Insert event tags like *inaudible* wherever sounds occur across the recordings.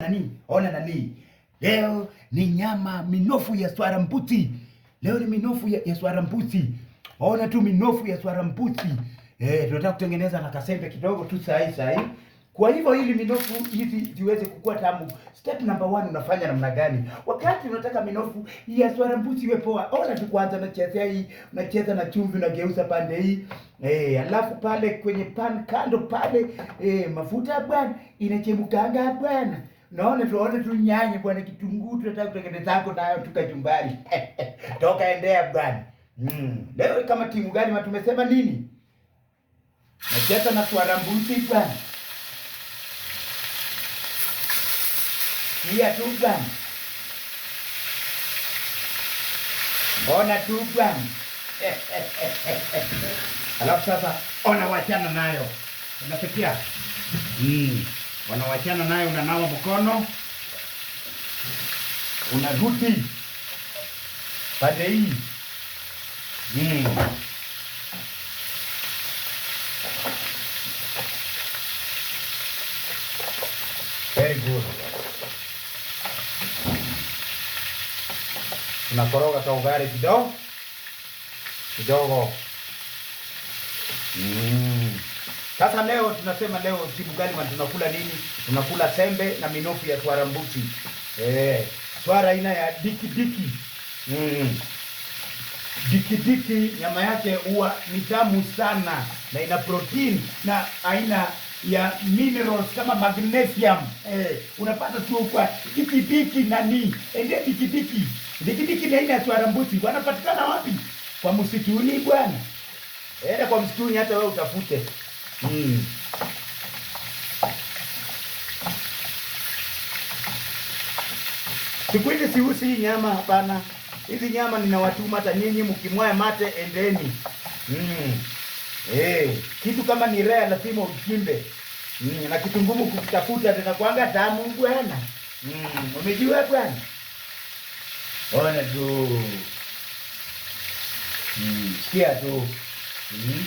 Nani? Ona nani? Leo ni nyama minofu ya swara mputi. Leo ni minofu ya, ya swara mputi. Ona tu minofu ya swara mputi. Eh, tunataka kutengeneza na kasembe kidogo tu sahi sahi. Kwa hivyo hili minofu hizi ziweze kukua tamu, step number one unafanya namna gani? Wakati unataka minofu ya swara mputi iwe poa, ona tu kwanza unachezea hii, unacheza na chumvi unageuza pande hii. Eh, alafu pale kwenye pan kando pale, eh, mafuta bwana, inachemkanga bwana. Naona tuone tunyanye bwana kitunguu tunataka tutekete zako nayo tuka *laughs* Toka endea bwana. Mm. Leo kama timu gani ma tumesema nini? Nacheza na kuarambuti bwana. Pia tu bwana. Mbona tu bwana. *laughs* Alafu sasa ona wachana nayo. Unafikia? Mm. wanawachana naye, unanawa mkono, unarudi pande hii mm. Very good. Unakoroga kaugari kidogo kidogo mm. Sasa leo tunasema leo gani Galima tunakula nini? Tunakula sembe na minofu ya swara Eh, swara aina ya diki diki. Mm. Diki diki nyama yake huwa ni tamu sana na ina protein na aina ya minerals kama magnesium. Eh, unapata tu kwa diki diki nani? Ende diki diki. Diki diki ni aina ya swara Wanapatikana wapi? Kwa msituni bwana. Ende kwa msituni hata wewe utafute. Mm. Sikwende siusi hii nyama hapana. Hizi nyama ninawatuma hata nyinyi mkimwaya mate endeni. Mm. Eh, kitu kama ni rea lazima uchimbe. Mm. Na kitu ngumu kukitafuta kwanga tamu bwana. Mm. Umejua bwana? Ona tu. Mm. Sikia tu. Mm.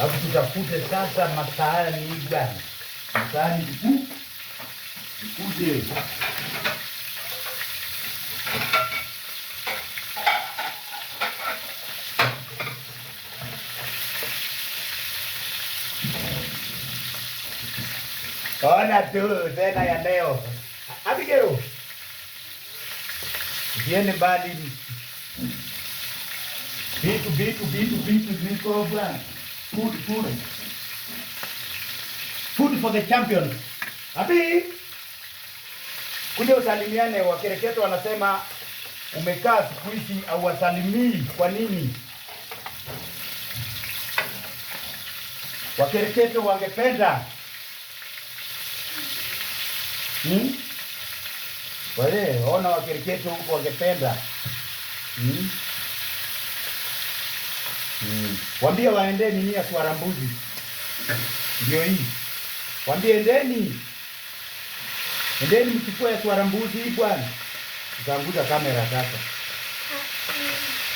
Alafu tutafute matar masahani gani, masahani vikuu vikuje Ona tu tena ya leo. Abigail. viene mbali. bico bico bico bico bico bwana. food food food for the champion. abi kuja usalimiane. Wakereketo wanasema umekaa siku hizi au Kwa nini? Wakereketo wangependa hmm? Wale ona Wakereketo huko wangependa hmm? Waambie waendeni nia swara mbuzi. Ndio hii. Waambie endeni. Endeni mchukue ya mbuzi hii bwana. Utaanguka kamera sasa.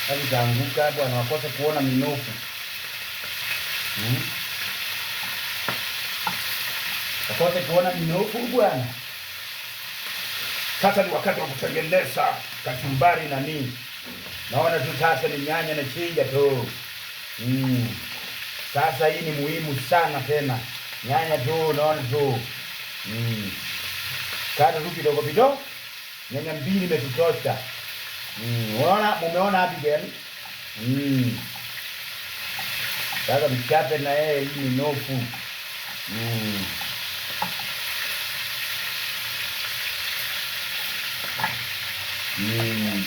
Hadi yaani utaanguka bwana wakose kuona minofu. Hmm? Wakose kuona minofu bwana. Sasa ni wakati wa kutengeneza kachumbari na nini. Naona tu sasa ni nyanya na chinja tu. Mm. Sasa hii ni muhimu sana tena, nyanya tu naona tu mm. Kana tu kidogo kidogo, nyanya mbili imetutosha. Mm. Unaona, mumeona gani? mm. Sasa mchape na yeye, hii ni nofu mm. Mm.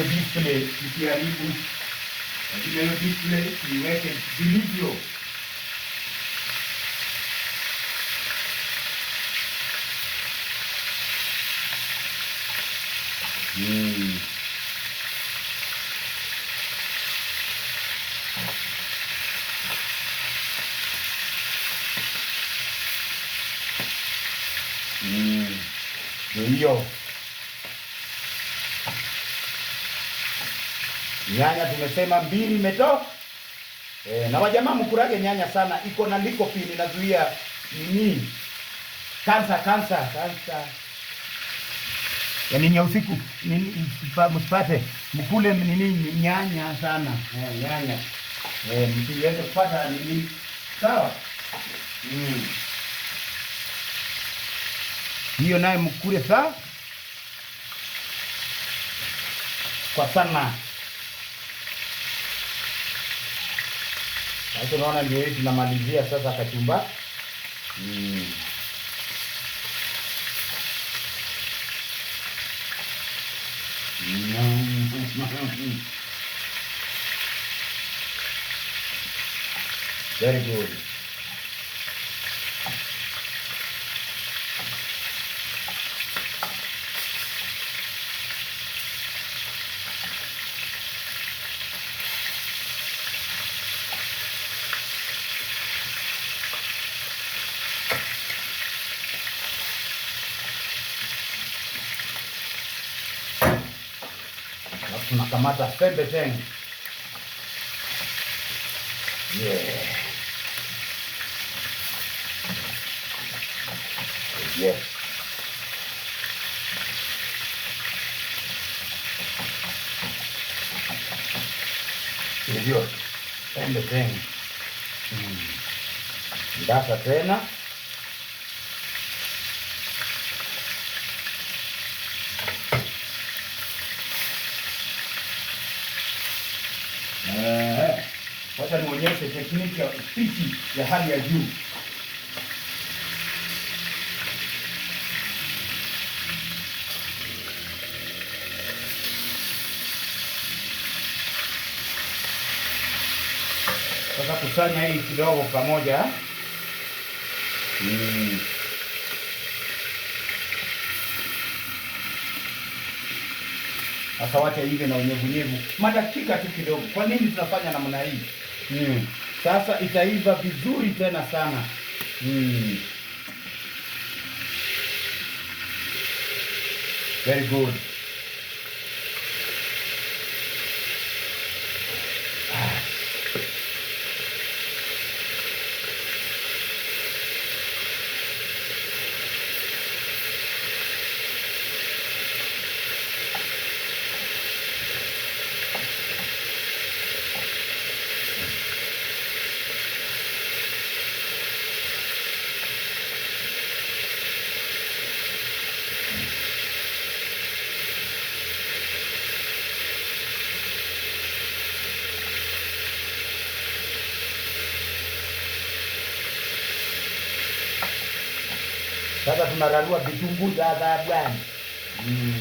epístole kitiaribu lakini y display que diluvio. Mm. Mm. Ndio. Nyanya tumesema mbili meto E, eh, na wajamaa mkurage nyanya sana, iko na lycopene inazuia nini? Kansa, kansa, kansa. Yaani nya usiku msipate mkule nini nyanya sana. E, nyanya. Eh, msiweze kupata nini? Sawa? Mm. Hiyo naye mkule saa kwa sana. Na yaani hicho naona ndio hii tunamalizia sasa kachumba. Mm. Very good. mata pembe ten. Yeah. Yeah. dios, pembe Y Mm. sasa nionyeshe tekniki ya upishi ya hali ya juu. Sasa kusanya hii kidogo pamoja. Mm. Sasa wacha hivi na unyevunyevu madakika tu kidogo. Kwa nini tunafanya namna hii? mm. Sasa itaiva vizuri tena sana mm. Very good. sasa tunararua vitunguu za adhabu gani? Mm.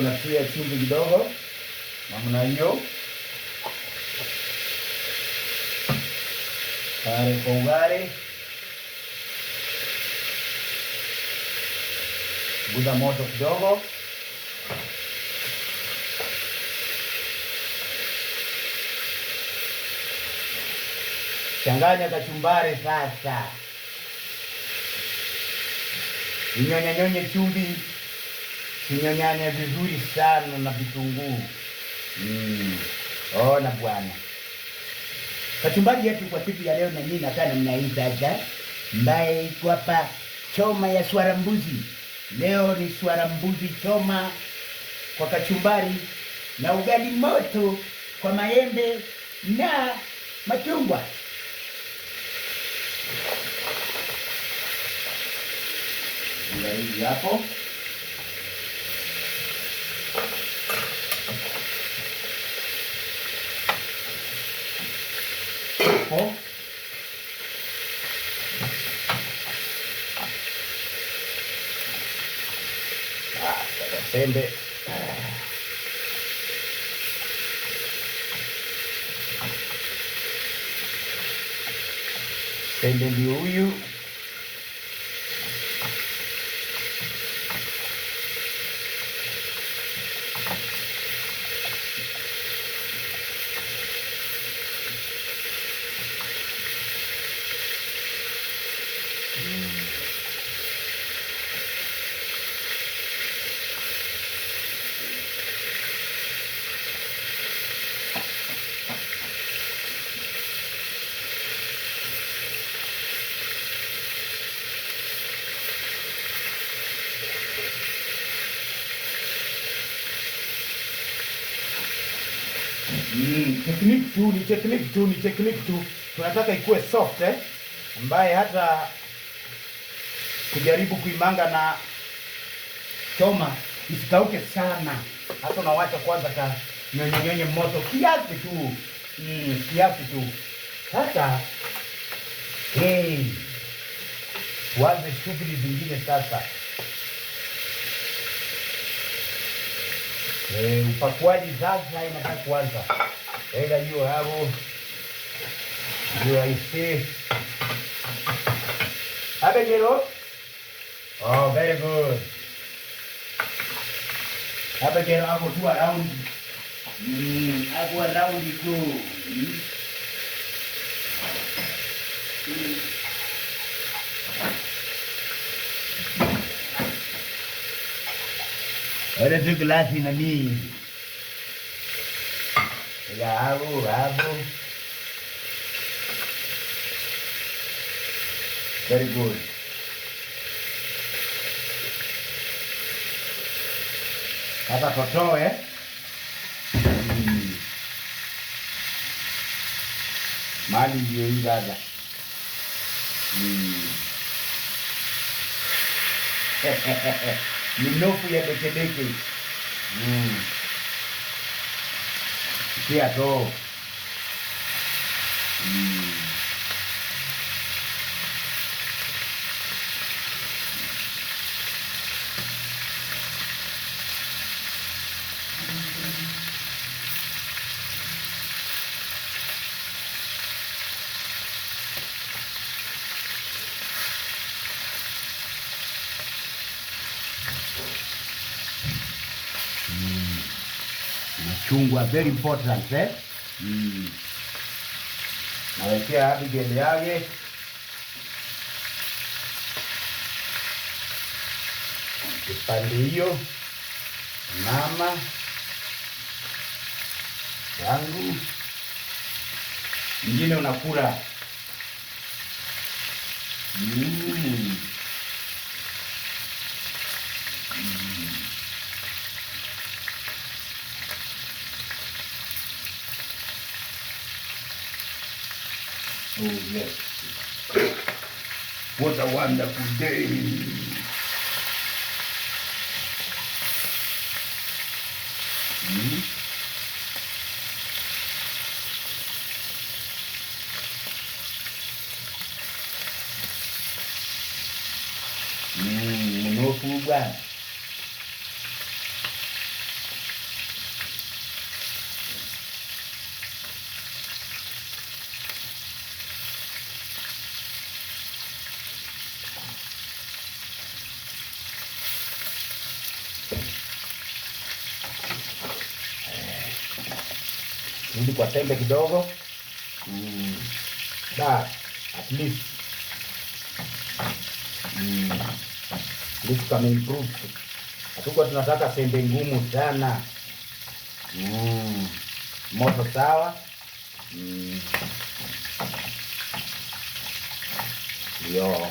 mwisho natia chumvi kidogo namna hiyo, tayari kwa ugali. Guza moto kidogo, changanya kachumbari sasa, inyonyanyonye chumvi Kinyonyanya vizuri sana na vitunguu mm. Ona bwana, kachumbari yetu kwa siku ya leo na mimi hii mnaitaja mbaye iko hapa, choma ya swara mbuzi. Leo ni swara mbuzi choma kwa kachumbari na ugali moto kwa maembe na machungwa. Hapo 넣고 샌데 샌데 우유 Mm, technique tu ni technique tu ni technique tu, tunataka ikuwe soft eh, ambaye hata kujaribu kuimanga na choma isikauke sana, hata unawacha kwanza ka nyonye moto kiasi tu mm, kiasi tu. Sasa hey, tuanze shughuli zingine sasa. Eh, upakuaji sasa inataka kuanza. Weka juu hapo. Juu ya isi. jero. Oh, very good. Hapo jero hapo tu around. Mm, hapo around tu. Mm. mm. che la Wala klase na ni. Gabo, gabo. Very good. Hapa kotoe. Mali ndio hii dada. Mm. *laughs* minofu ya dekebeke mm. kiato chungwa very important eh? Mm. Nawekea Abigail yake kipande hiyo, mama yangu mwingine unakula mm. goodness. What a wonderful day. rudi kwa tembe kidogo mm. Da, at least mm. Kame improve. Hatukuwa tunataka sembe ngumu sana mm. Moto sawa mm. Yo.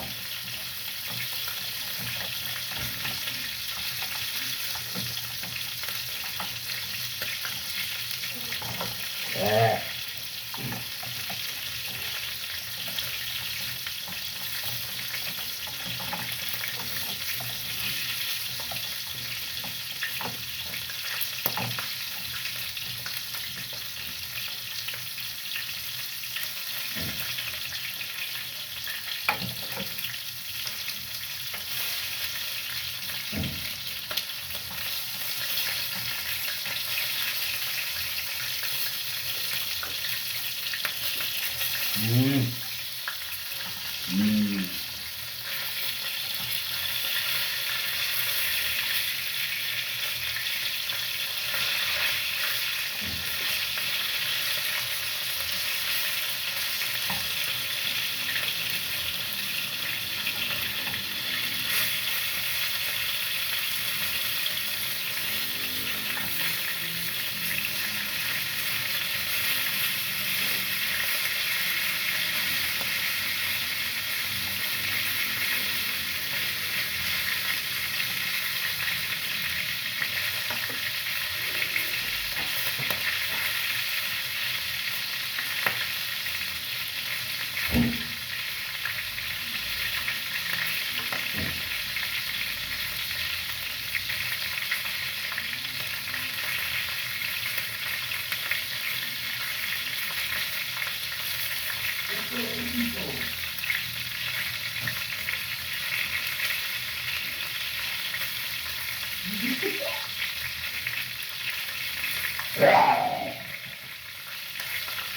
Mm.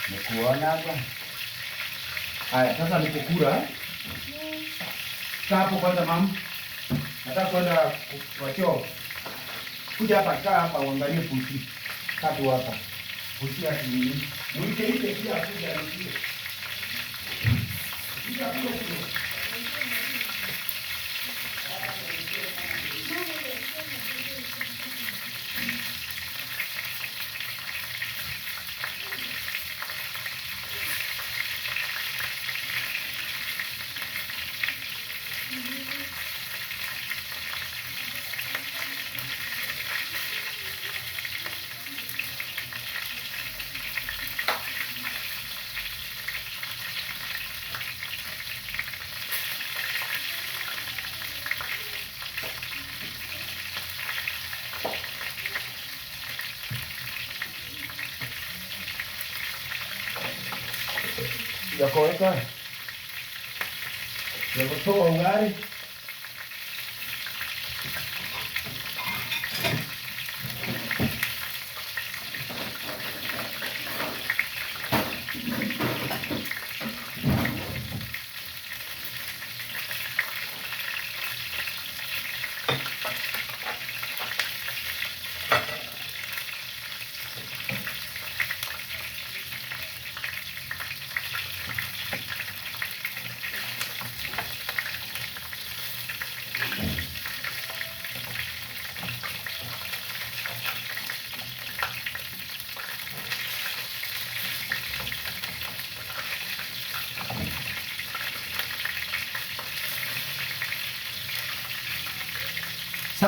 Nikuona hapa. Haya, sasa nikukula. Hapo kwanza mama. Nataka kwenda kwa Kuja hapa, kaa hapa uangalie pusi. Katu hapa. Pusi ya kinini. Mwite ile pia kuja nisikie. Kuja kuja. giờ cô ấy coi giờ một số hồn gái đi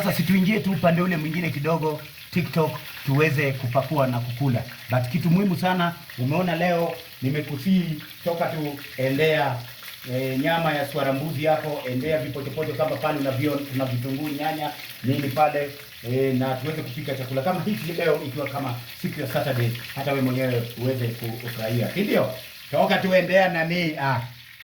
Sasa situingie tu upande ule mwingine kidogo TikTok tuweze kupakua na kukula. But kitu muhimu sana umeona leo nimekusii toka tu endea e, nyama ya swara mbuzi hapo, endea vipotopoto kama pale na vitunguu, nyanya, nini pale e, na tuweze kupika chakula kama hiki leo, ikiwa kama siku ya Saturday, hata we mwenyewe uweze kufurahia, ndio? Toka tuendea nani ah